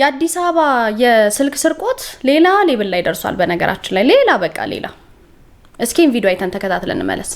የአዲስ አበባ የስልክ ስርቆት ሌላ ሌብል ላይ ደርሷል። በነገራችን ላይ ሌላ በቃ ሌላ። እስኪም ቪዲዮ አይተን ተከታትለን እንመለስ።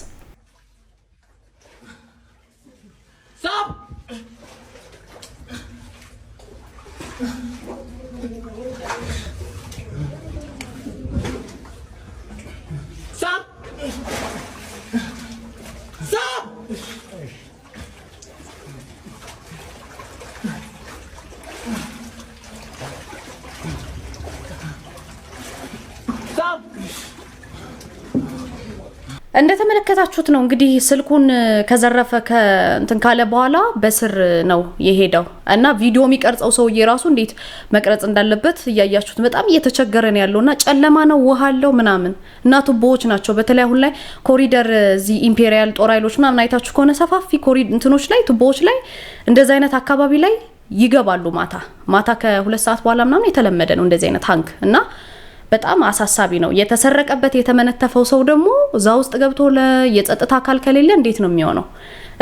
እንደተመለከታችሁት ነው እንግዲህ ስልኩን ከዘረፈ እንትን ካለ በኋላ በስር ነው የሄደው እና ቪዲዮ የሚቀርጸው ሰውዬ ራሱ እንዴት መቅረጽ እንዳለበት እያያችሁት በጣም እየተቸገረ ነው ያለው። እና ጨለማ ነው፣ ውሃ አለው ምናምን እና ቱቦዎች ናቸው። በተለይ አሁን ላይ ኮሪደር እዚህ ኢምፔሪያል ጦር ኃይሎች ምናምን አይታችሁ ከሆነ ሰፋፊ እንትኖች ላይ ቱቦዎች ላይ እንደዚህ አይነት አካባቢ ላይ ይገባሉ። ማታ ማታ ከሁለት ሰዓት በኋላ ምናምን የተለመደ ነው እንደዚህ አይነት ታንክ እና በጣም አሳሳቢ ነው። የተሰረቀበት የተመነተፈው ሰው ደግሞ እዛ ውስጥ ገብቶ የጸጥታ አካል ከሌለ እንዴት ነው የሚሆነው?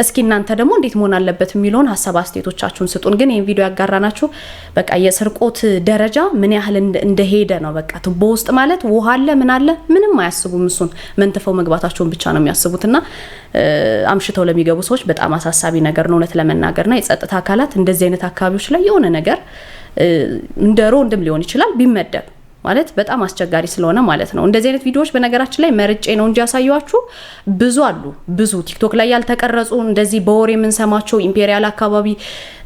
እስኪ እናንተ ደግሞ እንዴት መሆን አለበት የሚለውን ሀሳብ አስተያየቶቻችሁን ስጡን። ግን ይህን ቪዲዮ ያጋራናችሁ በቃ የስርቆት ደረጃ ምን ያህል እንደሄደ ነው። በቃ ቱቦ ውስጥ ማለት ውሃ አለ ምን አለ ምንም አያስቡም። እሱን መንትፈው መግባታቸውን ብቻ ነው የሚያስቡትና አምሽተው ለሚገቡ ሰዎች በጣም አሳሳቢ ነገር ነው እውነት ለመናገርና የጸጥታ አካላት እንደዚህ አይነት አካባቢዎች ላይ የሆነ ነገር እንደ ሮንድም ሊሆን ይችላል ቢመደብ ማለት በጣም አስቸጋሪ ስለሆነ ማለት ነው። እንደዚህ አይነት ቪዲዮዎች በነገራችን ላይ መርጬ ነው እንጂ ያሳየኋችሁ ብዙ አሉ። ብዙ ቲክቶክ ላይ ያልተቀረጹ እንደዚህ በወሬ የምንሰማቸው ኢምፔሪያል አካባቢ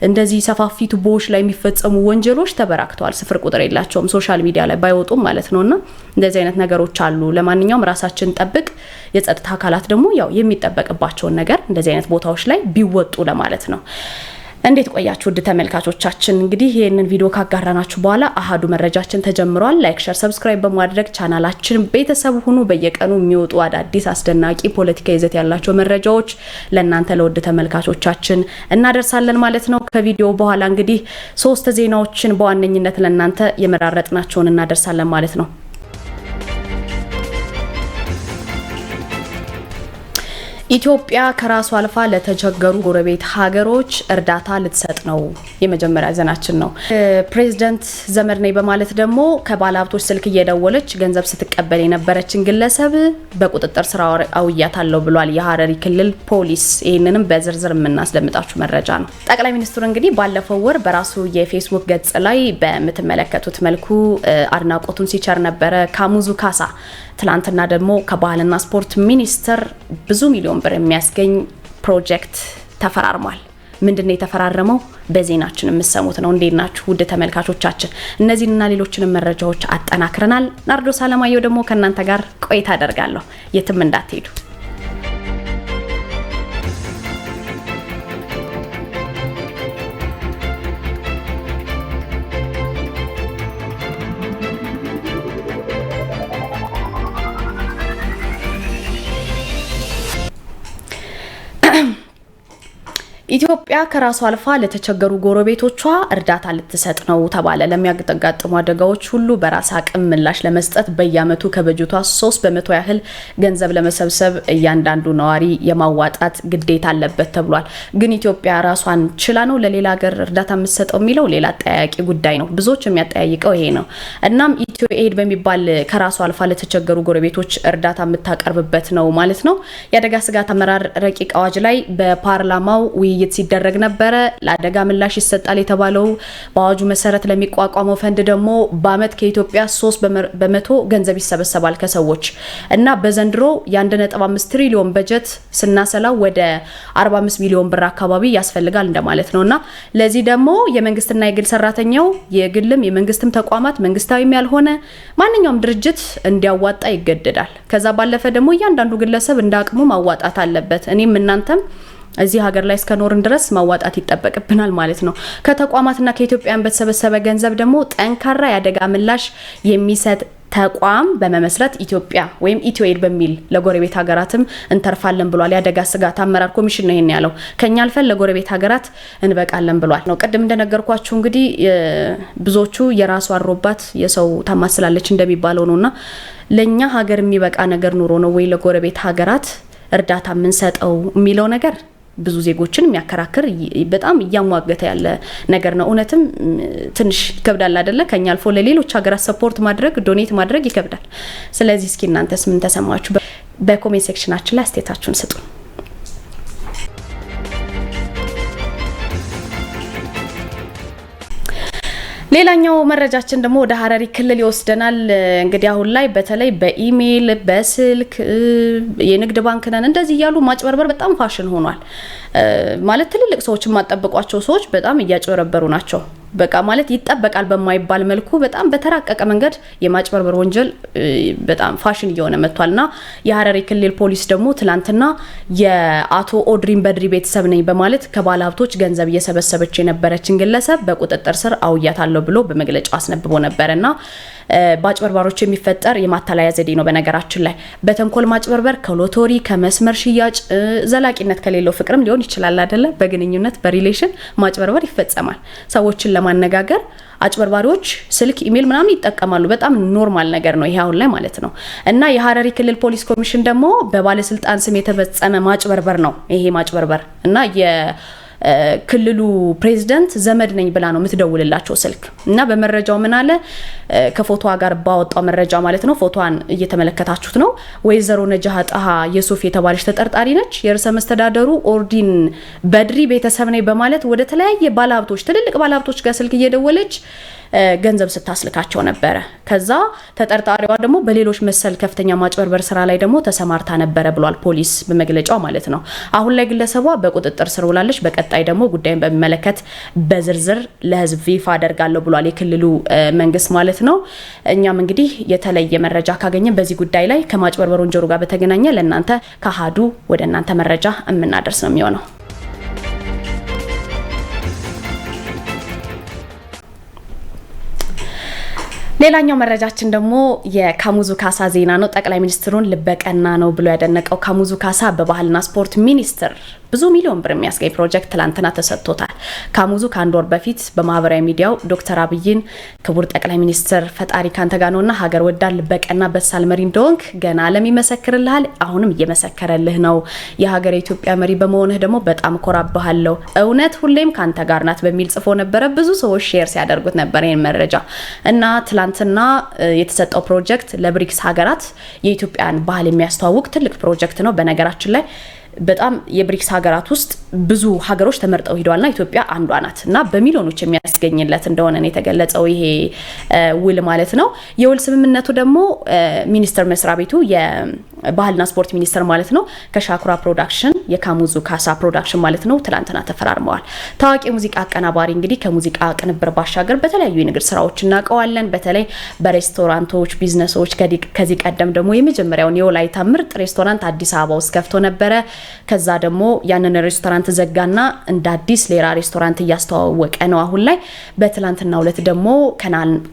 እንደዚህ ሰፋፊ ቱቦዎች ላይ የሚፈጸሙ ወንጀሎች ተበራክተዋል። ስፍር ቁጥር የላቸውም። ሶሻል ሚዲያ ላይ ባይወጡም ማለት ነው። እና እንደዚህ አይነት ነገሮች አሉ። ለማንኛውም ራሳችን ጠብቅ። የጸጥታ አካላት ደግሞ ያው የሚጠበቅባቸውን ነገር እንደዚህ አይነት ቦታዎች ላይ ቢወጡ ለማለት ነው። እንዴት ቆያችሁ ውድ ተመልካቾቻችን። እንግዲህ ይህንን ቪዲዮ ካጋራናችሁ በኋላ አሀዱ መረጃችን ተጀምሯል። ላይክ፣ ሸር፣ ሰብስክራይብ በማድረግ ቻናላችን ቤተሰብ ሁኑ። በየቀኑ የሚወጡ አዳዲስ አስደናቂ ፖለቲካ ይዘት ያላቸው መረጃዎች ለእናንተ ለውድ ተመልካቾቻችን እናደርሳለን ማለት ነው። ከቪዲዮ በኋላ እንግዲህ ሶስት ዜናዎችን በዋነኝነት ለእናንተ የመራረጥናቸውን እናደርሳለን ማለት ነው። ኢትዮጵያ ከራሷ አልፋ ለተቸገሩ ጎረቤት ሀገሮች እርዳታ ልትሰጥ ነው። የመጀመሪያ ዜናችን ነው። ፕሬዚደንት ዘመድ ነኝ በማለት ደግሞ ከባለሀብቶች ስልክ እየደወለች ገንዘብ ስትቀበል የነበረችን ግለሰብ በቁጥጥር ስር አውያታለሁ ብሏል የሀረሪ ክልል ፖሊስ። ይህንንም በዝርዝር የምናስደምጣችሁ መረጃ ነው። ጠቅላይ ሚኒስትሩ እንግዲህ ባለፈው ወር በራሱ የፌስቡክ ገጽ ላይ በምትመለከቱት መልኩ አድናቆቱን ሲቸር ነበረ። ካሙዙ ካሳ ትላንትና ደግሞ ከባህልና ስፖርት ሚኒስቴር ብዙ ሚሊዮን ሚሊዮን ብር የሚያስገኝ ፕሮጀክት ተፈራርሟል። ምንድን ነው የተፈራረመው? በዜናችን የምሰሙት ነው። እንዴት ናችሁ ውድ ተመልካቾቻችን? እነዚህንና ሌሎችንም መረጃዎች አጠናክረናል። ናርዶስ አለማየሁ ደግሞ ከእናንተ ጋር ቆይታ አደርጋለሁ። የትም እንዳትሄዱ። ኢትዮጵያ ከራሷ አልፋ ለተቸገሩ ጎረቤቶቿ እርዳታ ልትሰጥ ነው ተባለ። ለሚያጋጥሙ አደጋዎች ሁሉ በራስ አቅም ምላሽ ለመስጠት በየዓመቱ ከበጀቷ ሶስት በመቶ ያህል ገንዘብ ለመሰብሰብ እያንዳንዱ ነዋሪ የማዋጣት ግዴታ አለበት ተብሏል። ግን ኢትዮጵያ ራሷን ችላ ነው ለሌላ ሀገር እርዳታ የምትሰጠው የሚለው ሌላ አጠያያቂ ጉዳይ ነው። ብዙዎች የሚያጠያይቀው ይሄ ነው። እናም ኢትዮ ኤድ በሚባል ከራሷ አልፋ ለተቸገሩ ጎረቤቶች እርዳታ የምታቀርብበት ነው ማለት ነው። የአደጋ ስጋት አመራር ረቂቅ አዋጅ ላይ በፓርላማው ውይይት ውይይት ሲደረግ ነበረ። ለአደጋ ምላሽ ይሰጣል የተባለው በአዋጁ መሰረት ለሚቋቋመው ፈንድ ደግሞ በአመት ከኢትዮጵያ 3 በመቶ ገንዘብ ይሰበሰባል ከሰዎች እና በዘንድሮ የ1.5 ትሪሊዮን በጀት ስናሰላው ወደ 45 ሚሊዮን ብር አካባቢ ያስፈልጋል እንደማለት ነው እና ለዚህ ደግሞ የመንግስትና የግል ሰራተኛው የግልም የመንግስትም ተቋማት መንግስታዊም ያልሆነ ማንኛውም ድርጅት እንዲያዋጣ ይገደዳል። ከዛ ባለፈ ደግሞ እያንዳንዱ ግለሰብ እንደ አቅሙ ማዋጣት አለበት። እኔም እናንተም እዚህ ሀገር ላይ እስከኖርን ድረስ ማዋጣት ይጠበቅብናል ማለት ነው። ከተቋማትና ከኢትዮጵያን በተሰበሰበ ገንዘብ ደግሞ ጠንካራ የአደጋ ምላሽ የሚሰጥ ተቋም በመመስረት ኢትዮጵያ ወይም ኢትዮኤድ በሚል ለጎረቤት ሀገራትም እንተርፋለን ብሏል። የአደጋ ስጋት አመራር ኮሚሽን ነው ይህን ያለው። ከኛ አልፈን ለጎረቤት ሀገራት እንበቃለን ብሏል ነው። ቅድም እንደነገርኳችሁ እንግዲህ ብዙዎቹ የራሱ አሮባት የሰው ታማስላለች እንደሚባለው እና ለእኛ ሀገር የሚበቃ ነገር ኑሮ ነው ወይ ለጎረቤት ሀገራት እርዳታ የምንሰጠው የሚለው ነገር ብዙ ዜጎችን የሚያከራክር በጣም እያሟገተ ያለ ነገር ነው። እውነትም ትንሽ ይከብዳል አደለ? ከኛ አልፎ ለሌሎች ሀገራት ሰፖርት ማድረግ ዶኔት ማድረግ ይከብዳል። ስለዚህ እስኪ እናንተስ ምን ተሰማችሁ? በኮሜንት ሴክሽናችን ላይ አስተያየታችሁን ስጡ። ሌላኛው መረጃችን ደግሞ ወደ ሀረሪ ክልል ይወስደናል። እንግዲህ አሁን ላይ በተለይ በኢሜይል በስልክ የንግድ ባንክ ነን እንደዚህ እያሉ ማጭበርበር በጣም ፋሽን ሆኗል። ማለት ትልልቅ ሰዎች የማጠብቋቸው ሰዎች በጣም እያጭበረበሩ ናቸው። በቃ ማለት ይጠበቃል በማይባል መልኩ በጣም በተራቀቀ መንገድ የማጭበርበር ወንጀል በጣም ፋሽን እየሆነ መጥቷል እና የሀረሪ ክልል ፖሊስ ደግሞ ትላንትና የአቶ ኦድሪን በድሪ ቤተሰብ ነኝ በማለት ከባለ ሀብቶች ገንዘብ እየሰበሰበች የነበረችን ግለሰብ በቁጥጥር ስር አውያታለሁ ብሎ በመግለጫ አስነብቦ ነበር ና በአጭበርባሮች የሚፈጠር የማታለያ ዘዴ ነው። በነገራችን ላይ በተንኮል ማጭበርበር ከሎቶሪ ከመስመር ሽያጭ ዘላቂነት ከሌለው ፍቅርም ሊሆን ይችላል አይደለ? በግንኙነት በሪሌሽን ማጭበርበር ይፈጸማል ሰዎችን ለማነጋገር አጭበርባሪዎች ስልክ፣ ኢሜል ምናምን ይጠቀማሉ። በጣም ኖርማል ነገር ነው ይሄ አሁን ላይ ማለት ነው። እና የሀረሪ ክልል ፖሊስ ኮሚሽን ደግሞ በባለስልጣን ስም የተፈጸመ ማጭበርበር ነው ይሄ ማጭበርበር እና ክልሉ ፕሬዚደንት ዘመድ ነኝ ብላ ነው የምትደውልላቸው ስልክ እና በመረጃው ምን አለ ከፎቶዋ ጋር ባወጣው መረጃ ማለት ነው። ፎቶዋን እየተመለከታችሁት ነው። ወይዘሮ ነጃ ጣሃ የሱፍ የተባለች ተጠርጣሪ ነች። የርዕሰ መስተዳደሩ ኦርዲን በድሪ ቤተሰብ ነኝ በማለት ወደ ተለያየ ባለሀብቶች፣ ትልልቅ ባለሀብቶች ጋር ስልክ እየደወለች ገንዘብ ስታስልካቸው ነበረ። ከዛ ተጠርጣሪዋ ደግሞ በሌሎች መሰል ከፍተኛ ማጭበርበር ስራ ላይ ደግሞ ተሰማርታ ነበረ ብሏል ፖሊስ በመግለጫው ማለት ነው። አሁን ላይ ግለሰቧ በቁጥጥር ስር ውላለች። በቀጣይ ደግሞ ጉዳይን በሚመለከት በዝርዝር ለህዝብ ይፋ አደርጋለሁ ብሏል የክልሉ መንግስት ማለት ነው። እኛም እንግዲህ የተለየ መረጃ ካገኘን በዚህ ጉዳይ ላይ ከማጭበርበር ወንጀሉ ጋር በተገናኘ ለእናንተ ከአሀዱ ወደ እናንተ መረጃ የምናደርስ ነው የሚሆነው። ሌላኛው መረጃችን ደግሞ የካሙዙ ካሳ ዜና ነው። ጠቅላይ ሚኒስትሩን ልበቀና ነው ብሎ ያደነቀው ካሙዙ ካሳ በባህልና ስፖርት ሚኒስቴር ብዙ ሚሊዮን ብር የሚያስገኝ ፕሮጀክት ትላንትና ተሰጥቶታል። ካሙዙ ከአንድ ወር በፊት በማህበራዊ ሚዲያው ዶክተር አብይን ክቡር ጠቅላይ ሚኒስትር ፈጣሪ ካንተ ጋር ነውና ሀገር ወዳድ ልበቀና በሳል መሪ እንደሆንክ ገና ዓለም ይመሰክርልሃል፣ አሁንም እየመሰከረልህ ነው። የሀገር የኢትዮጵያ መሪ በመሆንህ ደግሞ በጣም ኮራብሃለሁ፣ እውነት ሁሌም ካንተ ጋር ናት በሚል ጽፎ ነበረ። ብዙ ሰዎች ሼር ሲያደርጉት ነበር ይህን መረጃ እና ትላንትና የተሰጠው ፕሮጀክት ለብሪክስ ሀገራት የኢትዮጵያን ባህል የሚያስተዋውቅ ትልቅ ፕሮጀክት ነው። በነገራችን ላይ በጣም የብሪክስ ሀገራት ውስጥ ብዙ ሀገሮች ተመርጠው ሂደዋልና ኢትዮጵያ አንዷ ናት እና በሚሊዮኖች የሚያስገኝለት እንደሆነ ነው የተገለጸው ይሄ ውል ማለት ነው። የውል ስምምነቱ ደግሞ ሚኒስቴር መስሪያ ቤቱ ባህልና ስፖርት ሚኒስቴር ማለት ነው ከሻኩራ ፕሮዳክሽን የካሙዙ ካሳ ፕሮዳክሽን ማለት ነው ትላንትና ተፈራርመዋል። ታዋቂ የሙዚቃ አቀናባሪ እንግዲህ ከሙዚቃ ቅንብር ባሻገር በተለያዩ የንግድ ስራዎች እናውቀዋለን። በተለይ በሬስቶራንቶች ቢዝነሶች፣ ከዚህ ቀደም ደግሞ የመጀመሪያውን የወላይታ ምርጥ ሬስቶራንት አዲስ አበባ ውስጥ ከፍቶ ነበረ። ከዛ ደግሞ ያንን ሬስቶራንት ዘጋና እንደ አዲስ ሌላ ሬስቶራንት እያስተዋወቀ ነው አሁን ላይ። በትላንትና ሁለት ደግሞ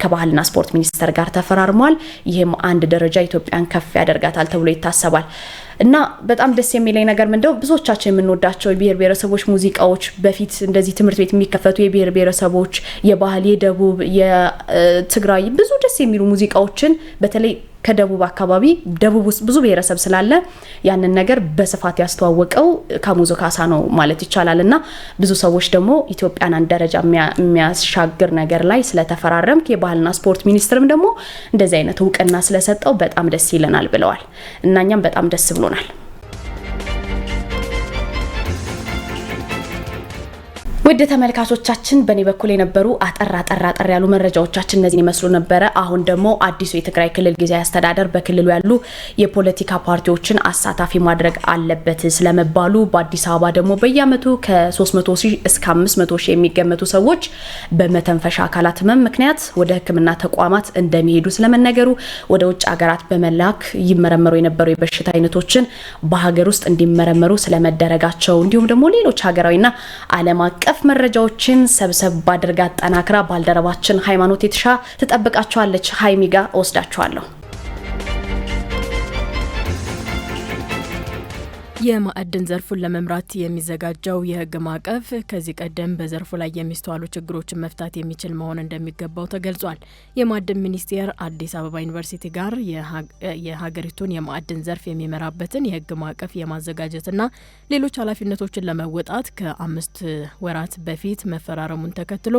ከባህልና ስፖርት ሚኒስቴር ጋር ተፈራርመዋል። ይህም አንድ ደረጃ ኢትዮጵያን ከፍ ያደርጋታል ተብሎ ይታሰባል። እና በጣም ደስ የሚለኝ ነገር ምንደው ብዙዎቻችን የምንወዳቸው የብሔር ብሔረሰቦች ሙዚቃዎች በፊት እንደዚህ ትምህርት ቤት የሚከፈቱ የብሔር ብሔረሰቦች የባህል፣ የደቡብ፣ የትግራይ ብዙ ደስ የሚሉ ሙዚቃዎችን በተለይ ከደቡብ አካባቢ ደቡብ ውስጥ ብዙ ብሔረሰብ ስላለ ያንን ነገር በስፋት ያስተዋወቀው ካሙዞ ካሳ ነው ማለት ይቻላል እና ብዙ ሰዎች ደግሞ ኢትዮጵያን አንድ ደረጃ የሚያሻግር ነገር ላይ ስለተፈራረምክ የባህልና ስፖርት ሚኒስትርም ደግሞ እንደዚህ አይነት እውቅና ስለሰጠው በጣም ደስ ይለናል ብለዋል እና እኛም በጣም ደስ ብሎናል። ወደ ተመልካቾቻችን በእኔ በኩል የነበሩ አጠር አጠር አጠር ያሉ መረጃዎቻችን እነዚህን ይመስሉ ነበረ። አሁን ደግሞ አዲሱ የትግራይ ክልል ጊዜያዊ አስተዳደር በክልሉ ያሉ የፖለቲካ ፓርቲዎችን አሳታፊ ማድረግ አለበት ስለመባሉ በአዲስ አበባ ደግሞ በየአመቱ ከ300 ሺህ እስከ 500 ሺህ የሚገመቱ ሰዎች በመተንፈሻ አካላት ህመም ምክንያት ወደ ሕክምና ተቋማት እንደሚሄዱ ስለመነገሩ ወደ ውጭ ሀገራት በመላክ ይመረመሩ የነበሩ የበሽታ አይነቶችን በሀገር ውስጥ እንዲመረመሩ ስለመደረጋቸው እንዲሁም ደግሞ ሌሎች ሀገራዊና ዓለም አቀፍ መረጃዎችን ሰብሰብ ባድርጋ አጠናክራ ባልደረባችን ሃይማኖት የተሻ ትጠብቃቸዋለች። ሀይሚጋ ወስዳቸዋለሁ የማዕድን ዘርፉን ለመምራት የሚዘጋጀው የህግ ማዕቀፍ ከዚህ ቀደም በዘርፉ ላይ የሚስተዋሉ ችግሮችን መፍታት የሚችል መሆን እንደሚገባው ተገልጿል። የማዕድን ሚኒስቴር አዲስ አበባ ዩኒቨርሲቲ ጋር የሀገሪቱን የማዕድን ዘርፍ የሚመራበትን የህግ ማዕቀፍ የማዘጋጀትና ሌሎች ኃላፊነቶችን ለመወጣት ከአምስት ወራት በፊት መፈራረሙን ተከትሎ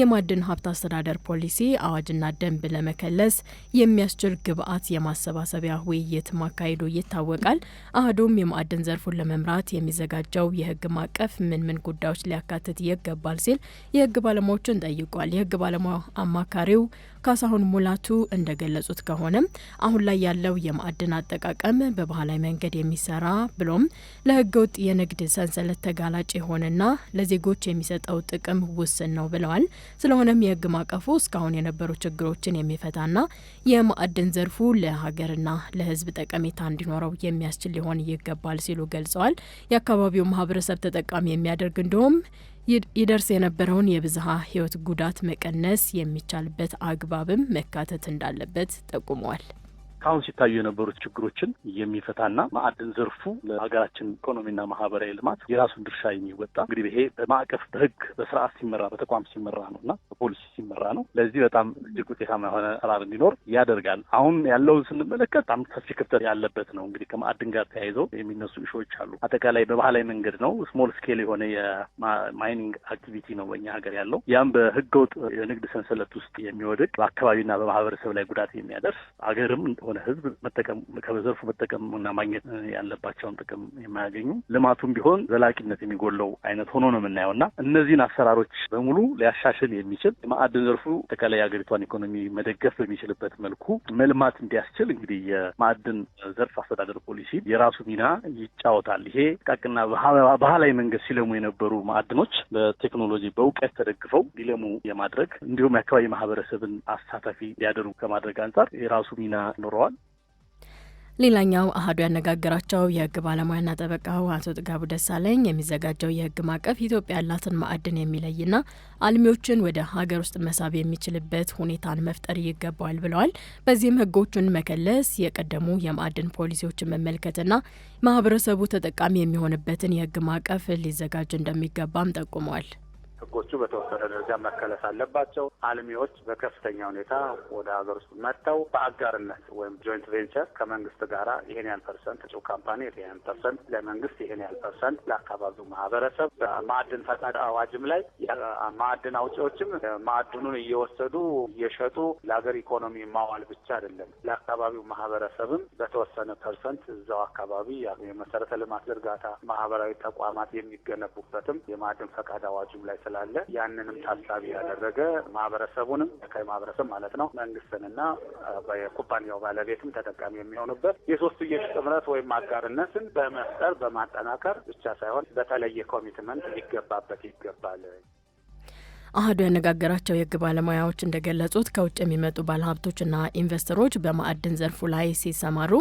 የማዕድን ሀብት አስተዳደር ፖሊሲ አዋጅና ደንብ ለመከለስ የሚያስችል ግብዓት የማሰባሰቢያ ውይይት ማካሄዱ ይታወቃል። አህዱም የማዕድን ዘርፉን ለመምራት የሚዘጋጀው የህግ ማዕቀፍ ምን ምን ጉዳዮች ሊያካትት ይገባል ሲል የህግ ባለሙያዎችን ጠይቋል። የህግ ባለሙያ አማካሪው ካሳሁን ሙላቱ እንደገለጹት ከሆነም አሁን ላይ ያለው የማዕድን አጠቃቀም በባህላዊ መንገድ የሚሰራ ብሎም ለህገ ውጥ የንግድ ሰንሰለት ተጋላጭ የሆነና ለዜጎች የሚሰጠው ጥቅም ውስን ነው ብለዋል። ስለሆነም የህግ ማቀፉ እስካሁን የነበሩ ችግሮችን የሚፈታና የማዕድን ዘርፉ ለሀገርና ለህዝብ ጠቀሜታ እንዲኖረው የሚያስችል ሊሆን ይገባል ሲሉ ገልጸዋል። የአካባቢው ማህበረሰብ ተጠቃሚ የሚያደርግ እንዲሁም ይደርስ የነበረውን የብዝሃ ህይወት ጉዳት መቀነስ የሚቻልበት አግባብም መካተት እንዳለበት ጠቁመዋል። እስካሁን ሲታዩ የነበሩት ችግሮችን የሚፈታና ማዕድን ዘርፉ ለሀገራችን ኢኮኖሚና ማህበራዊ ልማት የራሱን ድርሻ የሚወጣ እንግዲህ ይሄ በማዕቀፍ በህግ በስርዓት ሲመራ በተቋም ሲመራ ነው እና በፖሊሲ ሲመራ ነው። ለዚህ በጣም እጅግ ውጤታማ የሆነ ራር እንዲኖር ያደርጋል። አሁን ያለውን ስንመለከት በጣም ሰፊ ክፍተት ያለበት ነው። እንግዲህ ከማዕድን ጋር ተያይዘው የሚነሱ እሾዎች አሉ። አጠቃላይ በባህላዊ መንገድ ነው፣ ስሞል ስኬል የሆነ የማይኒንግ አክቲቪቲ ነው በእኛ ሀገር ያለው። ያም በህገወጥ የንግድ ሰንሰለት ውስጥ የሚወድቅ በአካባቢና በማህበረሰብ ላይ ጉዳት የሚያደርስ አገርም ሆነ ለሆነ ህዝብ መጠቀም ከዘርፉ እና ማግኘት ያለባቸውን ጥቅም የማያገኙ ልማቱም ቢሆን ዘላቂነት የሚጎለው አይነት ሆኖ ነው የምናየው እና እነዚህን አሰራሮች በሙሉ ሊያሻሽል የሚችል የማዕድን ዘርፉ አጠቃላይ የሀገሪቷን ኢኮኖሚ መደገፍ በሚችልበት መልኩ መልማት እንዲያስችል እንግዲህ የማዕድን ዘርፍ አስተዳደር ፖሊሲ የራሱ ሚና ይጫወታል። ይሄ ጥቃቅና ባህላዊ መንገድ ሲለሙ የነበሩ ማዕድኖች በቴክኖሎጂ በእውቀት ተደግፈው ሊለሙ የማድረግ እንዲሁም የአካባቢ ማህበረሰብን አሳታፊ ሊያደርጉ ከማድረግ አንጻር የራሱ ሚና ኖሮ ተናግረዋል። ሌላኛው አህዱ ያነጋገራቸው የህግ ባለሙያና ጠበቃው አቶ ጥጋቡ ደሳለኝ የሚዘጋጀው የህግ ማዕቀፍ ኢትዮጵያ ያላትን ማዕድን የሚለይና አልሚዎችን ወደ ሀገር ውስጥ መሳብ የሚችልበት ሁኔታን መፍጠር ይገባዋል ብለዋል። በዚህም ህጎቹን መከለስ፣ የቀደሙ የማዕድን ፖሊሲዎችን መመልከትና ማህበረሰቡ ተጠቃሚ የሚሆንበትን የህግ ማዕቀፍ ሊዘጋጅ እንደሚገባም ጠቁመዋል። ህጎቹ በተወሰነ ደረጃ መከለስ አለባቸው። አልሚዎች በከፍተኛ ሁኔታ ወደ ሀገር ውስጥ መጥተው በአጋርነት ወይም ጆይንት ቬንቸር ከመንግስት ጋር ይሄን ያህል ፐርሰንት እጩ ካምፓኒ ይሄን ያህል ፐርሰንት ለመንግስት ይሄን ያህል ፐርሰንት ለአካባቢው ማህበረሰብ በማዕድን ፈቃድ አዋጅም ላይ ማዕድን አውጪዎችም ማዕድኑን እየወሰዱ እየሸጡ ለሀገር ኢኮኖሚ ማዋል ብቻ አይደለም ለአካባቢው ማህበረሰብም በተወሰነ ፐርሰንት እዛው አካባቢ የመሰረተ ልማት ዝርጋታ ማህበራዊ ተቋማት የሚገነቡበትም የማዕድን ፈቃድ አዋጅም ላይ ስላለ አለ። ያንንም ታሳቢ ያደረገ ማህበረሰቡንም ተካይ ማህበረሰብ ማለት ነው መንግስትንና የኩባንያው ባለቤትም ተጠቃሚ የሚሆኑበት የሶስትዮሽ ጥምረት ወይም አጋርነትን በመፍጠር በማጠናከር ብቻ ሳይሆን በተለየ ኮሚትመንት ሊገባበት ይገባል። አህዱ ያነጋገራቸው የህግ ባለሙያዎች እንደገለጹት ከውጭ የሚመጡ ባለሀብቶችና ኢንቨስተሮች በማዕድን ዘርፉ ላይ ሲሰማሩ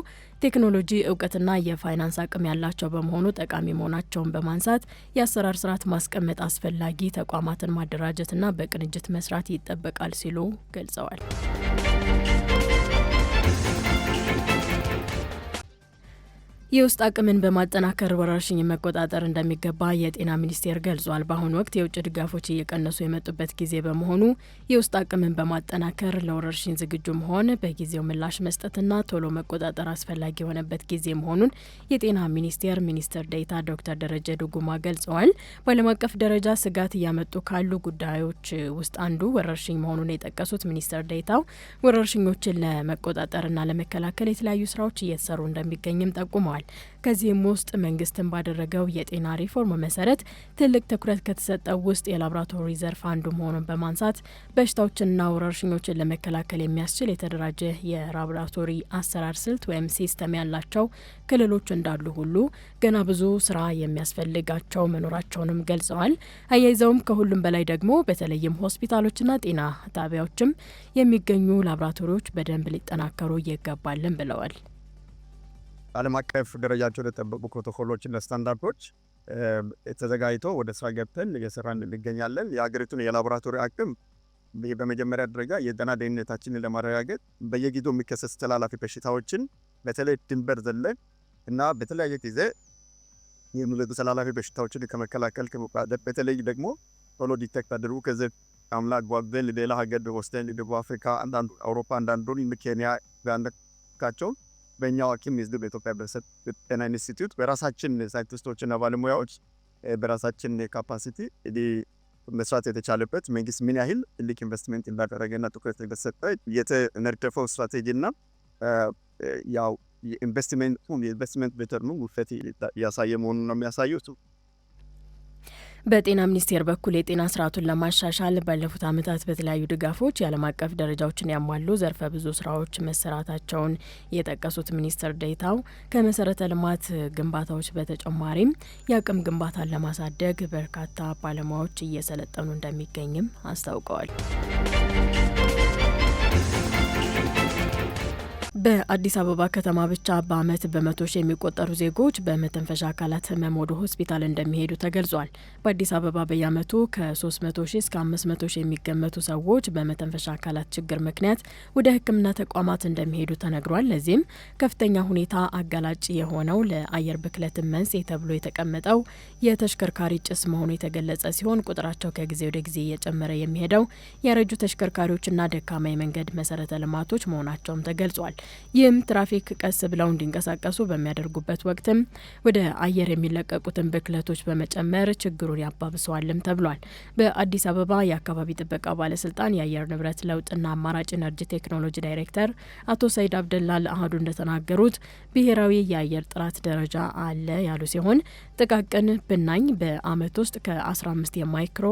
ቴክኖሎጂ እውቀትና የፋይናንስ አቅም ያላቸው በመሆኑ ጠቃሚ መሆናቸውን በማንሳት የአሰራር ስርዓት ማስቀመጥ አስፈላጊ ተቋማትን ማደራጀትና በቅንጅት መስራት ይጠበቃል ሲሉ ገልጸዋል። የውስጥ አቅምን በማጠናከር ወረርሽኝ መቆጣጠር እንደሚገባ የጤና ሚኒስቴር ገልጿል። በአሁኑ ወቅት የውጭ ድጋፎች እየቀነሱ የመጡበት ጊዜ በመሆኑ የውስጥ አቅምን በማጠናከር ለወረርሽኝ ዝግጁ መሆን፣ በጊዜው ምላሽ መስጠትና ቶሎ መቆጣጠር አስፈላጊ የሆነበት ጊዜ መሆኑን የጤና ሚኒስቴር ሚኒስትር ዴኤታ ዶክተር ደረጀ ዱጉማ ገልጸዋል። በዓለም አቀፍ ደረጃ ስጋት እያመጡ ካሉ ጉዳዮች ውስጥ አንዱ ወረርሽኝ መሆኑን የጠቀሱት ሚኒስትር ዴኤታው ወረርሽኞችን ለመቆጣጠርና ለመከላከል የተለያዩ ስራዎች እየተሰሩ እንደሚገኝም ጠቁመዋል። ተጠቅሰዋል። ከዚህም ውስጥ መንግስትን ባደረገው የጤና ሪፎርም መሰረት ትልቅ ትኩረት ከተሰጠው ውስጥ የላብራቶሪ ዘርፍ አንዱ መሆኑን በማንሳት በሽታዎችንና ወረርሽኞችን ለመከላከል የሚያስችል የተደራጀ የላብራቶሪ አሰራር ስልት ወይም ሲስተም ያላቸው ክልሎች እንዳሉ ሁሉ ገና ብዙ ስራ የሚያስፈልጋቸው መኖራቸውንም ገልጸዋል። አያይዘውም ከሁሉም በላይ ደግሞ በተለይም ሆስፒታሎችና ጤና ጣቢያዎችም የሚገኙ ላብራቶሪዎች በደንብ ሊጠናከሩ ይገባልን ብለዋል። ዓለም አቀፍ ደረጃቸውን የጠበቁ ፕሮቶኮሎችና ስታንዳርዶች ተዘጋጅቶ ወደ ስራ ገብተን እየሰራን እንገኛለን። የሀገሪቱን የላቦራቶሪ አቅም በመጀመሪያ ደረጃ የጤና ደህንነታችንን ለማረጋገጥ በየጊዜው የሚከሰት ተላላፊ በሽታዎችን በተለይ ድንበር ዘለን እና በተለያየ ጊዜ የሚመጡ ተላላፊ በሽታዎችን ከመከላከል በተለይ ደግሞ ቶሎ ዲቴክት አድርጉ ከዚ አምላ ጓዘን ሌላ ሀገር ወስደን ደቡብ አፍሪካ፣ አንዳንዱ አውሮፓ፣ አንዳንዱ ኬንያ ያነካቸውን በእኛ ዋኪም ህዝብ በኢትዮጵያ ህብረተሰብ ጤና ኢንስቲትዩት በራሳችን ሳይንቲስቶችና ባለሙያዎች በራሳችን ካፓሲቲ መስራት የተቻለበት መንግስት ምን ያህል ትልቅ ኢንቨስትመንት እንዳደረገና ትኩረት እንደሰጠ የተነደፈው ስትራቴጂና ያው የኢንቨስትመንቱን የኢንቨስትመንት ሪተርኑ ውፈት እያሳየ መሆኑን ነው የሚያሳየው። በጤና ሚኒስቴር በኩል የጤና ስርዓቱን ለማሻሻል ባለፉት ዓመታት በተለያዩ ድጋፎች የዓለም አቀፍ ደረጃዎችን ያሟሉ ዘርፈ ብዙ ስራዎች መሰራታቸውን የጠቀሱት ሚኒስትር ዴታው ከመሰረተ ልማት ግንባታዎች በተጨማሪም የአቅም ግንባታን ለማሳደግ በርካታ ባለሙያዎች እየሰለጠኑ እንደሚገኝም አስታውቀዋል። በአዲስ አበባ ከተማ ብቻ በአመት በመቶ ሺህ የሚቆጠሩ ዜጎች በመተንፈሻ አካላት ህመም ወደ ሆስፒታል እንደሚሄዱ ተገልጿል። በአዲስ አበባ በየአመቱ ከ300 ሺህ እስከ 500 ሺህ የሚገመቱ ሰዎች በመተንፈሻ አካላት ችግር ምክንያት ወደ ሕክምና ተቋማት እንደሚሄዱ ተነግሯል። ለዚህም ከፍተኛ ሁኔታ አጋላጭ የሆነው ለአየር ብክለት መንስኤ ተብሎ የተቀመጠው የተሽከርካሪ ጭስ መሆኑ የተገለጸ ሲሆን ቁጥራቸው ከጊዜ ወደ ጊዜ እየጨመረ የሚሄደው ያረጁ ተሽከርካሪዎችና ደካማ የመንገድ መሰረተ ልማቶች መሆናቸውም ተገልጿል። ይህም ትራፊክ ቀስ ብለው እንዲንቀሳቀሱ በሚያደርጉበት ወቅትም ወደ አየር የሚለቀቁትን ብክለቶች በመጨመር ችግሩን ያባብሰዋልም ተብሏል። በአዲስ አበባ የአካባቢ ጥበቃ ባለስልጣን የአየር ንብረት ለውጥና አማራጭ ኢነርጂ ቴክኖሎጂ ዳይሬክተር አቶ ሰይድ አብደላ አህዱ እንደተናገሩት ብሔራዊ የአየር ጥራት ደረጃ አለ ያሉ ሲሆን ጥቃቅን ብናኝ በአመት ውስጥ ከ15 የማይክሮ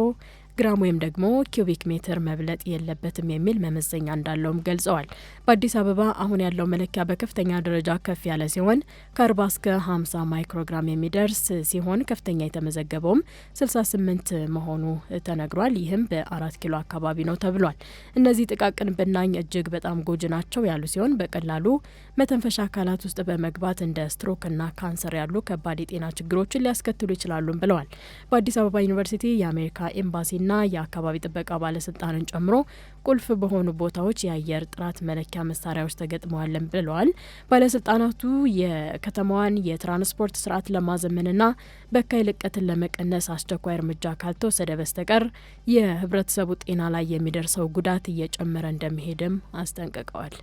ግራም ወይም ደግሞ ኪዩቢክ ሜትር መብለጥ የለበትም የሚል መመዘኛ እንዳለውም ገልጸዋል። በአዲስ አበባ አሁን ያለው መለኪያ በከፍተኛ ደረጃ ከፍ ያለ ሲሆን ከ40 እስከ 50 ማይክሮግራም የሚደርስ ሲሆን ከፍተኛ የተመዘገበውም 68 መሆኑ ተነግሯል። ይህም በአራት ኪሎ አካባቢ ነው ተብሏል። እነዚህ ጥቃቅን ብናኝ እጅግ በጣም ጎጅ ናቸው ያሉ ሲሆን በቀላሉ መተንፈሻ አካላት ውስጥ በመግባት እንደ ስትሮክና ካንሰር ያሉ ከባድ የጤና ችግሮችን ሊያስከትሉ ይችላሉም ብለዋል። በአዲስ አበባ ዩኒቨርሲቲ የአሜሪካ ኤምባሲ ና የአካባቢ ጥበቃ ባለስልጣንን ጨምሮ ቁልፍ በሆኑ ቦታዎች የአየር ጥራት መለኪያ መሳሪያዎች ተገጥመዋለን ብለዋል። ባለስልጣናቱ የከተማዋን የትራንስፖርት ስርዓት ለማዘመንና በካይ ልቀትን ለመቀነስ አስቸኳይ እርምጃ ካልተወሰደ በስተቀር የህብረተሰቡ ጤና ላይ የሚደርሰው ጉዳት እየጨመረ እንደሚሄድም አስጠንቅቀዋል።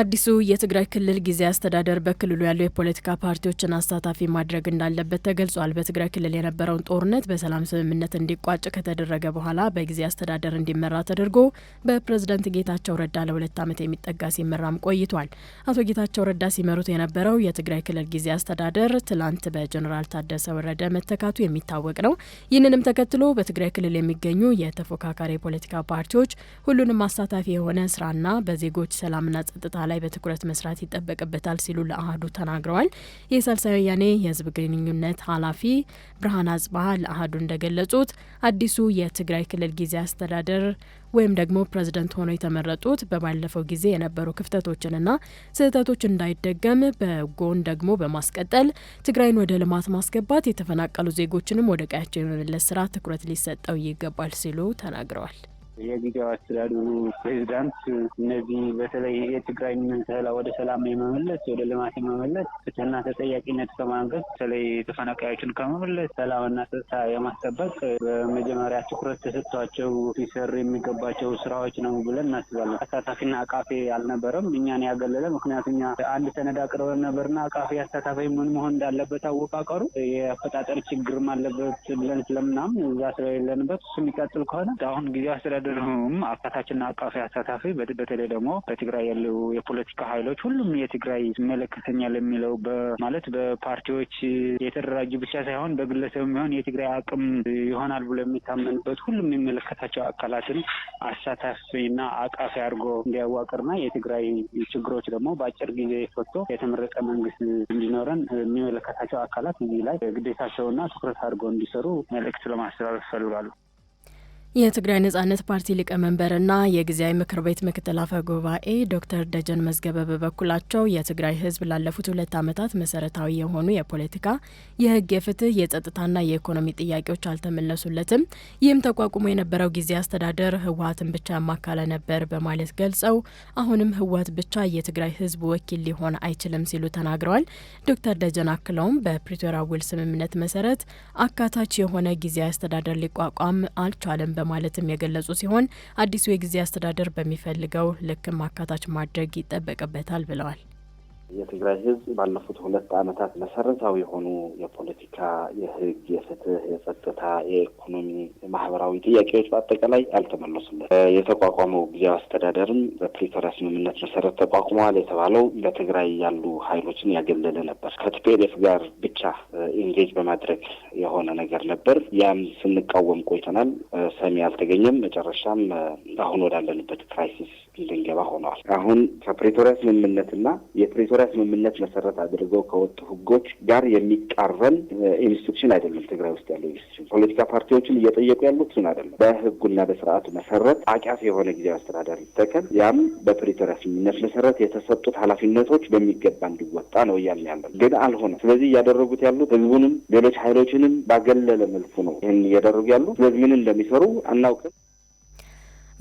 አዲሱ የትግራይ ክልል ጊዜ አስተዳደር በክልሉ ያሉ የፖለቲካ ፓርቲዎችን አሳታፊ ማድረግ እንዳለበት ተገልጿል። በትግራይ ክልል የነበረውን ጦርነት በሰላም ስምምነት እንዲቋጭ ከተደረገ በኋላ በጊዜ አስተዳደር እንዲመራ ተደርጎ በፕሬዝደንት ጌታቸው ረዳ ለሁለት ዓመት የሚጠጋ ሲመራም ቆይቷል። አቶ ጌታቸው ረዳ ሲመሩት የነበረው የትግራይ ክልል ጊዜ አስተዳደር ትላንት በጀኔራል ታደሰ ወረደ መተካቱ የሚታወቅ ነው። ይህንንም ተከትሎ በትግራይ ክልል የሚገኙ የተፎካካሪ የፖለቲካ ፓርቲዎች ሁሉንም አሳታፊ የሆነ ስራና በዜጎች ሰላምና ጸጥታ ላይ በትኩረት መስራት ይጠበቅበታል ሲሉ ለአህዱ ተናግረዋል። የሳልሳይ ወያኔ የህዝብ ግንኙነት ኃላፊ ብርሃን አጽባሀ ለአህዱ እንደገለጹት አዲሱ የትግራይ ክልል ጊዜ አስተዳደር ወይም ደግሞ ፕሬዝደንት ሆነው የተመረጡት በባለፈው ጊዜ የነበሩ ክፍተቶችንና ስህተቶች እንዳይደገም በጎን ደግሞ በማስቀጠል ትግራይን ወደ ልማት ማስገባት የተፈናቀሉ ዜጎችንም ወደ ቀያቸው የመመለስ ስራ ትኩረት ሊሰጠው ይገባል ሲሉ ተናግረዋል። የጊዜው አስተዳደሩ ፕሬዚዳንት እነዚህ በተለይ የትግራይን ወደ ሰላም የመመለስ ወደ ልማት የመመለስ ፍትህና ተጠያቂነት ከማንገዝ በተለይ ተፈናቃዮችን ከመመለስ ሰላምና ጸጥታ የማስጠበቅ በመጀመሪያ ትኩረት ተሰጥቷቸው ሊሰሩ የሚገባቸው ስራዎች ነው ብለን እናስባለን። አሳታፊና አቃፊ አልነበረም እኛን ያገለለ። ምክንያቱ እኛ አንድ ሰነድ አቅርበን ነበርና አቃፊ አሳታፊ ምን መሆን እንዳለበት አወቃቀሩ የአፈጣጠር ችግርም አለበት ብለን ስለምናም እዛ ስለሌለንበት እሱ የሚቀጥል ከሆነ አሁን ጊዜው አስተዳደ አስተዳደሩም አካታችና አቃፊ አሳታፊ፣ በተለይ ደግሞ በትግራይ ያሉ የፖለቲካ ኃይሎች ሁሉም የትግራይ ይመለከተኛል የሚለው ማለት በፓርቲዎች የተደራጁ ብቻ ሳይሆን በግለሰብ የሚሆን የትግራይ አቅም ይሆናል ብሎ የሚታመንበት ሁሉም የሚመለከታቸው አካላትን አሳታፊና አቃፊ አድርጎ እንዲያዋቅርና የትግራይ ችግሮች ደግሞ በአጭር ጊዜ ፈቶ የተመረጠ መንግስት እንዲኖረን የሚመለከታቸው አካላት እዚህ ላይ ግዴታቸውና ትኩረት አድርጎ እንዲሰሩ መልእክት ለማስተላለፍ ይፈልጋሉ። የትግራይ ነጻነት ፓርቲ ሊቀመንበርና የጊዜያዊ ምክር ቤት ምክትል አፈ ጉባኤ ዶክተር ደጀን መዝገበ በበኩላቸው የትግራይ ሕዝብ ላለፉት ሁለት ዓመታት መሰረታዊ የሆኑ የፖለቲካ፣ የህግ የፍትህ፣ የጸጥታና የኢኮኖሚ ጥያቄዎች አልተመለሱለትም። ይህም ተቋቁሞ የነበረው ጊዜ አስተዳደር ህወሀትን ብቻ ያማካለ ነበር በማለት ገልጸው አሁንም ህወሀት ብቻ የትግራይ ሕዝብ ወኪል ሊሆን አይችልም ሲሉ ተናግረዋል። ዶክተር ደጀን አክለውም በፕሪቶሪያ ውል ስምምነት መሰረት አካታች የሆነ ጊዜያዊ አስተዳደር ሊቋቋም አልቻለም በማለትም የገለጹ ሲሆን አዲሱ የጊዜ አስተዳደር በሚፈልገው ልክም አካታች ማድረግ ይጠበቅበታል ብለዋል። የትግራይ ህዝብ ባለፉት ሁለት ዓመታት መሰረታዊ የሆኑ የፖለቲካ፣ የህግ፣ የፍትህ፣ የጸጥታ፣ የኢኮኖሚ፣ ማህበራዊ ጥያቄዎች በአጠቃላይ አልተመለሱለት። የተቋቋመው ጊዜያዊ አስተዳደርም በፕሪቶሪያ ስምምነት መሰረት ተቋቁመዋል የተባለው በትግራይ ያሉ ሀይሎችን ያገለለ ነበር። ከቲፒኤልኤፍ ጋር ብቻ ኢንጌጅ በማድረግ የሆነ ነገር ነበር። ያም ስንቃወም ቆይተናል። ሰሚ አልተገኘም። መጨረሻም አሁን ወዳለንበት ክራይሲስ እንድንገባ ሆነዋል። አሁን ከፕሪቶሪያ ስምምነትና የፕሪቶ በፕሪቶሪያ ስምምነት መሰረት አድርገው ከወጡ ህጎች ጋር የሚቃረን ኢንስትሪክሽን አይደለም። ትግራይ ውስጥ ያለው ኢንስትሪክሽን ፖለቲካ ፓርቲዎችን እየጠየቁ ያሉት እሱን አይደለም። በህጉና በስርዓቱ መሰረት አቃፊ የሆነ ጊዜያዊ አስተዳደር ይተከል፣ ያም በፕሪቶሪያ ስምምነት መሰረት የተሰጡት ኃላፊነቶች በሚገባ እንዲወጣ ነው እያልን ያለ ግን አልሆነ። ስለዚህ እያደረጉት ያሉት ህዝቡንም ሌሎች ሀይሎችንም ባገለለ መልኩ ነው ይህን እያደረጉ ያሉ። ስለዚህ ምን እንደሚሰሩ አናውቅም።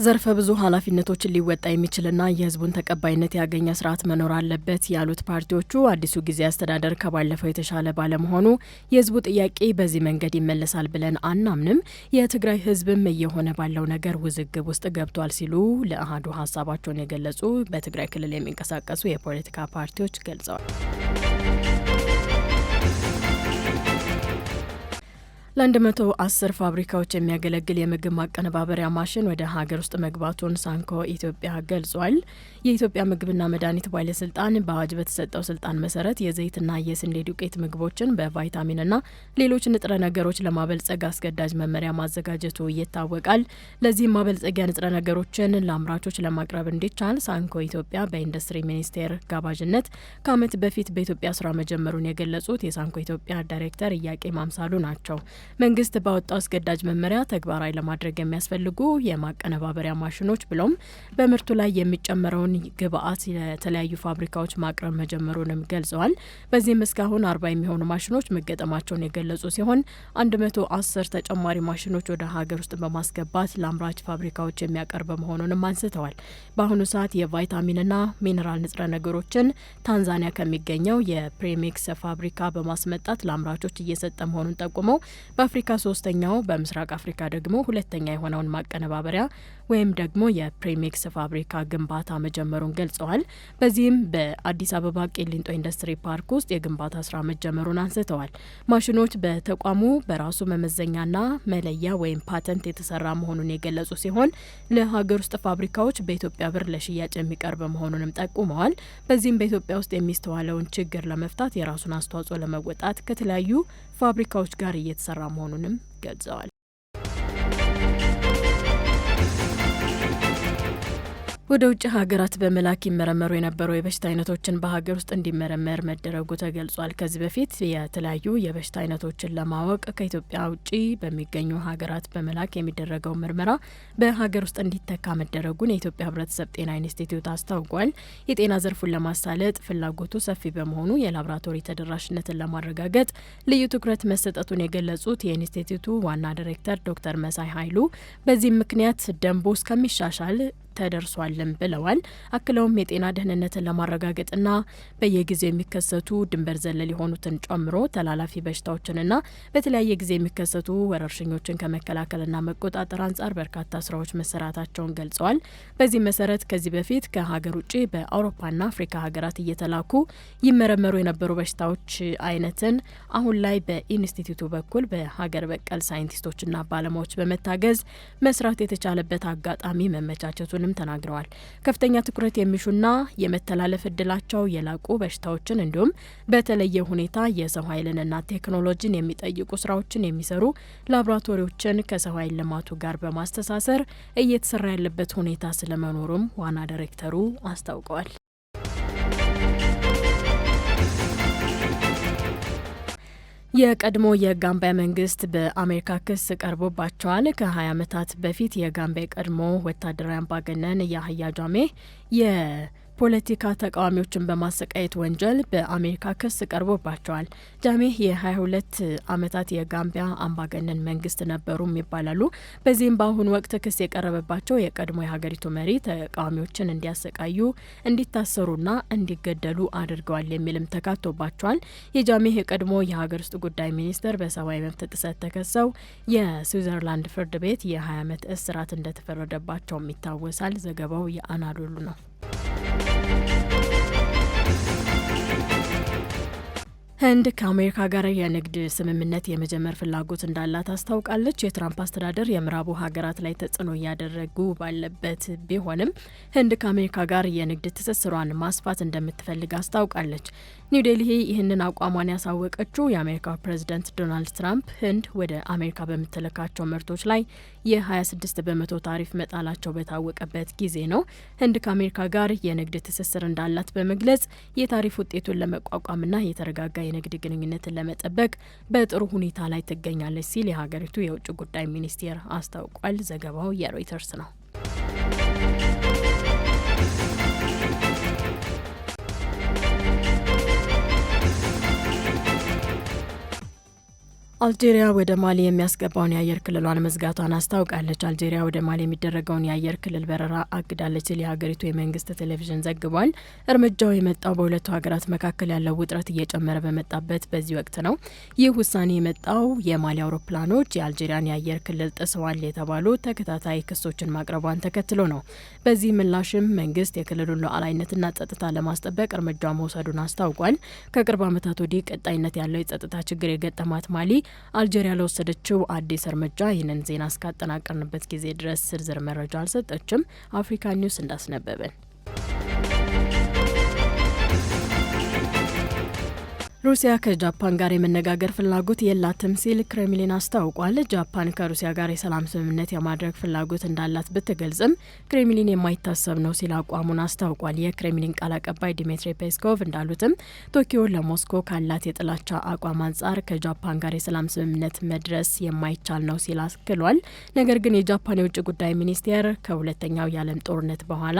ዘርፈ ብዙ ኃላፊነቶችን ሊወጣ የሚችልና የህዝቡን ተቀባይነት ያገኘ ስርዓት መኖር አለበት ያሉት ፓርቲዎቹ አዲሱ ጊዜ አስተዳደር ከባለፈው የተሻለ ባለመሆኑ የህዝቡ ጥያቄ በዚህ መንገድ ይመለሳል ብለን አናምንም፣ የትግራይ ህዝብም እየሆነ ባለው ነገር ውዝግብ ውስጥ ገብቷል ሲሉ ለአህዱ ሀሳባቸውን የገለጹ በትግራይ ክልል የሚንቀሳቀሱ የፖለቲካ ፓርቲዎች ገልጸዋል። ለ110 ፋብሪካዎች የሚያገለግል የምግብ ማቀነባበሪያ ማሽን ወደ ሀገር ውስጥ መግባቱን ሳንኮ ኢትዮጵያ ገልጿል። የኢትዮጵያ ምግብና መድኃኒት ባለስልጣን በአዋጅ በተሰጠው ስልጣን መሰረት የዘይትና የስንዴ ዱቄት ምግቦችን በቫይታሚንና ሌሎች ንጥረ ነገሮች ለማበልጸግ አስገዳጅ መመሪያ ማዘጋጀቱ ይታወቃል። ለዚህም ማበልጸጊያ ንጥረ ነገሮችን ለአምራቾች ለማቅረብ እንዲቻል ሳንኮ ኢትዮጵያ በኢንዱስትሪ ሚኒስቴር ጋባዥነት ከዓመት በፊት በኢትዮጵያ ስራ መጀመሩን የገለጹት የሳንኮ ኢትዮጵያ ዳይሬክተር እያቄ ማምሳሉ ናቸው። መንግስት ባወጣው አስገዳጅ መመሪያ ተግባራዊ ለማድረግ የሚያስፈልጉ የማቀነባበሪያ ማሽኖች ብሎም በምርቱ ላይ የሚጨመረውን ግብአት የተለያዩ ፋብሪካዎች ማቅረብ መጀመሩንም ገልጸዋል። በዚህም እስካሁን አርባ የሚሆኑ ማሽኖች መገጠማቸውን የገለጹ ሲሆን አንድ መቶ አስር ተጨማሪ ማሽኖች ወደ ሀገር ውስጥ በማስገባት ለአምራች ፋብሪካዎች የሚያቀርብ መሆኑንም አንስተዋል። በአሁኑ ሰዓት የቫይታሚንና ሚነራል ንጥረ ነገሮችን ታንዛኒያ ከሚገኘው የፕሬሜክስ ፋብሪካ በማስመጣት ለአምራቾች እየሰጠ መሆኑን ጠቁመው በአፍሪካ ሶስተኛው በምስራቅ አፍሪካ ደግሞ ሁለተኛ የሆነውን ማቀነባበሪያ ወይም ደግሞ የፕሪሚክስ ፋብሪካ ግንባታ መጀመሩን ገልጸዋል። በዚህም በአዲስ አበባ ቄሊንጦ ኢንዱስትሪ ፓርክ ውስጥ የግንባታ ስራ መጀመሩን አንስተዋል። ማሽኖች በተቋሙ በራሱ መመዘኛና መለያ ወይም ፓተንት የተሰራ መሆኑን የገለጹ ሲሆን ለሀገር ውስጥ ፋብሪካዎች በኢትዮጵያ ብር ለሽያጭ የሚቀርብ መሆኑንም ጠቁመዋል። በዚህም በኢትዮጵያ ውስጥ የሚስተዋለውን ችግር ለመፍታት የራሱን አስተዋጽኦ ለመወጣት ከተለያዩ ፋብሪካዎች ጋር እየተሰራ መሆኑንም ገልጸዋል። ወደ ውጭ ሀገራት በመላክ ይመረመሩ የነበሩ የበሽታ አይነቶችን በሀገር ውስጥ እንዲመረመር መደረጉ ተገልጿል። ከዚህ በፊት የተለያዩ የበሽታ አይነቶችን ለማወቅ ከኢትዮጵያ ውጭ በሚገኙ ሀገራት በመላክ የሚደረገው ምርመራ በሀገር ውስጥ እንዲተካ መደረጉን የኢትዮጵያ ሕብረተሰብ ጤና ኢንስቲትዩት አስታውቋል። የጤና ዘርፉን ለማሳለጥ ፍላጎቱ ሰፊ በመሆኑ የላብራቶሪ ተደራሽነትን ለማረጋገጥ ልዩ ትኩረት መሰጠቱን የገለጹት የኢንስቲትዩቱ ዋና ዲሬክተር ዶክተር መሳይ ኃይሉ በዚህም ምክንያት ደንቡ እስከሚሻሻል ተደርሷልም ብለዋል። አክለውም የጤና ደህንነትን ለማረጋገጥና በየጊዜው የሚከሰቱ ድንበር ዘለል የሆኑትን ጨምሮ ተላላፊ በሽታዎችንና በተለያየ ጊዜ የሚከሰቱ ወረርሽኞችን ከመከላከልና መቆጣጠር አንጻር በርካታ ስራዎች መሰራታቸውን ገልጸዋል። በዚህ መሰረት ከዚህ በፊት ከሀገር ውጭ በአውሮፓና አፍሪካ ሀገራት እየተላኩ ይመረመሩ የነበሩ በሽታዎች አይነትን አሁን ላይ በኢንስቲትዩቱ በኩል በሀገር በቀል ሳይንቲስቶችና ባለሙያዎች በመታገዝ መስራት የተቻለበት አጋጣሚ መመቻቸቱን መሆኑንም ተናግረዋል። ከፍተኛ ትኩረት የሚሹና የመተላለፍ እድላቸው የላቁ በሽታዎችን እንዲሁም በተለየ ሁኔታ የሰው ኃይልንና ቴክኖሎጂን የሚጠይቁ ስራዎችን የሚሰሩ ላቦራቶሪዎችን ከሰው ኃይል ልማቱ ጋር በማስተሳሰር እየተሰራ ያለበት ሁኔታ ስለመኖሩም ዋና ዳይሬክተሩ አስታውቀዋል። የቀድሞ የጋምቢያ መንግስት በአሜሪካ ክስ ቀርቦባቸዋል። ከ20 ዓመታት በፊት የጋምቢያ የቀድሞ ወታደራዊ አምባገነን ያህያ ጃሜ ፖለቲካ ተቃዋሚዎችን በማሰቃየት ወንጀል በአሜሪካ ክስ ቀርቦባቸዋል። ጃሜህ የ22 ዓመታት የጋምቢያ አምባገነን መንግስት ነበሩም ይባላሉ። በዚህም በአሁኑ ወቅት ክስ የቀረበባቸው የቀድሞ የሀገሪቱ መሪ ተቃዋሚዎችን እንዲያሰቃዩ፣ እንዲታሰሩና እንዲገደሉ አድርገዋል የሚልም ተካቶባቸዋል። የጃሜህ የቀድሞ የሀገር ውስጥ ጉዳይ ሚኒስትር በሰብአዊ መብት ጥሰት ተከሰው የስዊዘርላንድ ፍርድ ቤት የ20 ዓመት እስራት እንደተፈረደባቸውም ይታወሳል። ዘገባው የአናዶሉ ነው። ህንድ ከአሜሪካ ጋር የንግድ ስምምነት የመጀመር ፍላጎት እንዳላት አስታውቃለች። የትራምፕ አስተዳደር የምዕራቡ ሀገራት ላይ ተጽዕኖ እያደረጉ ባለበት ቢሆንም ህንድ ከአሜሪካ ጋር የንግድ ትስስሯን ማስፋት እንደምትፈልግ አስታውቃለች። ኒው ይህንን አቋሟን ያሳወቀችው የአሜሪካ ፕሬዝደንት ዶናልድ ትራምፕ ህንድ ወደ አሜሪካ በምትልካቸው ምርቶች ላይ የ26 በመቶ ታሪፍ መጣላቸው በታወቀበት ጊዜ ነው። ህንድ ከአሜሪካ ጋር የንግድ ትስስር እንዳላት በመግለጽ የታሪፍ ውጤቱን ለመቋቋምና የተረጋጋ የንግድ ግንኙነትን ለመጠበቅ በጥሩ ሁኔታ ላይ ትገኛለች ሲል የሀገሪቱ የውጭ ጉዳይ ሚኒስቴር አስታውቋል። ዘገባው የሮይተርስ ነው። አልጄሪያ ወደ ማሊ የሚያስገባውን የአየር ክልሏን መዝጋቷን አስታውቃለች። አልጄሪያ ወደ ማሊ የሚደረገውን የአየር ክልል በረራ አግዳለች ሲል የሀገሪቱ የመንግስት ቴሌቪዥን ዘግቧል። እርምጃው የመጣው በሁለቱ ሀገራት መካከል ያለው ውጥረት እየጨመረ በመጣበት በዚህ ወቅት ነው። ይህ ውሳኔ የመጣው የማሊ አውሮፕላኖች የአልጄሪያን የአየር ክልል ጥሰዋል የተባሉ ተከታታይ ክሶችን ማቅረቧን ተከትሎ ነው። በዚህ ምላሽም መንግስት የክልሉን ሉዓላዊነትና ጸጥታ ለማስጠበቅ እርምጃ መውሰዱን አስታውቋል። ከቅርብ ዓመታት ወዲህ ቀጣይነት ያለው የጸጥታ ችግር የገጠማት ማሊ አልጄሪያ ለወሰደችው አዲስ እርምጃ ይህንን ዜና እስካጠናቀርንበት ጊዜ ድረስ ዝርዝር መረጃ አልሰጠችም። አፍሪካ ኒውስ እንዳስነበበን ሩሲያ ከጃፓን ጋር የመነጋገር ፍላጎት የላትም ሲል ክሬምሊን አስታውቋል። ጃፓን ከሩሲያ ጋር የሰላም ስምምነት የማድረግ ፍላጎት እንዳላት ብትገልጽም ክሬምሊን የማይታሰብ ነው ሲል አቋሙን አስታውቋል። የክሬምሊን ቃል አቀባይ ዲሚትሪ ፔስኮቭ እንዳሉትም ቶኪዮ ለሞስኮ ካላት የጥላቻ አቋም አንጻር ከጃፓን ጋር የሰላም ስምምነት መድረስ የማይቻል ነው ሲል አክሏል። ነገር ግን የጃፓን የውጭ ጉዳይ ሚኒስቴር ከሁለተኛው የዓለም ጦርነት በኋላ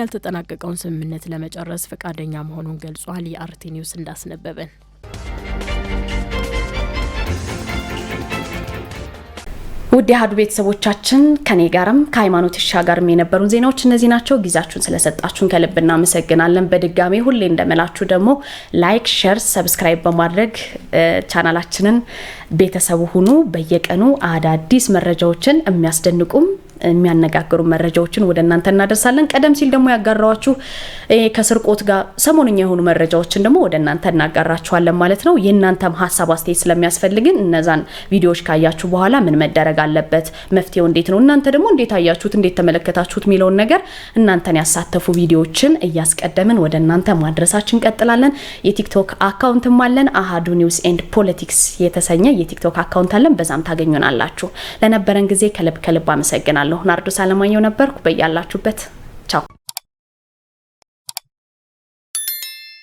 ያልተጠናቀቀውን ስምምነት ለመጨረስ ፈቃደኛ መሆኑን ገልጿል። የአርቲ ኒውስ እንዳስነበበን ውድ የአህዱ ቤተሰቦቻችን ከኔ ጋርም ከሃይማኖት ጋርም የነበሩን ዜናዎች እነዚህ ናቸው። ጊዜያችሁን ስለሰጣችሁን ከልብ እናመሰግናለን። በድጋሜ ሁሌ እንደምላችሁ ደግሞ ላይክ፣ ሸር፣ ሰብስክራይብ በማድረግ ቻናላችንን ቤተሰቡ ሁኑ። በየቀኑ አዳዲስ መረጃዎችን የሚያስደንቁም የሚያነጋግሩ መረጃዎችን ወደ እናንተ እናደርሳለን። ቀደም ሲል ደግሞ ያጋራዋችሁ ከስርቆት ጋር ሰሞንኛ የሆኑ መረጃዎችን ደግሞ ወደ እናንተ እናጋራችኋለን ማለት ነው። የእናንተም ሀሳብ አስተያየት ስለሚያስፈልግን እነዛን ቪዲዮዎች ካያችሁ በኋላ ምን መደረግ አለበት፣ መፍትሄው እንዴት ነው፣ እናንተ ደግሞ እንዴት አያችሁት፣ እንዴት ተመለከታችሁት የሚለውን ነገር እናንተን ያሳተፉ ቪዲዮዎችን እያስቀደምን ወደ እናንተ ማድረሳችን እንቀጥላለን። የቲክቶክ አካውንትም አለን አሃዱ ኒውስ ኤንድ ፖለቲክስ የተሰኘ የቲክቶክ አካውንት አለን። በዛም ታገኙናላችሁ። ለነበረን ጊዜ ከልብ ከልብ አመሰግናለሁ። ናርዶስ አለማየሁ ነበርኩ። በያላችሁበት ቻው።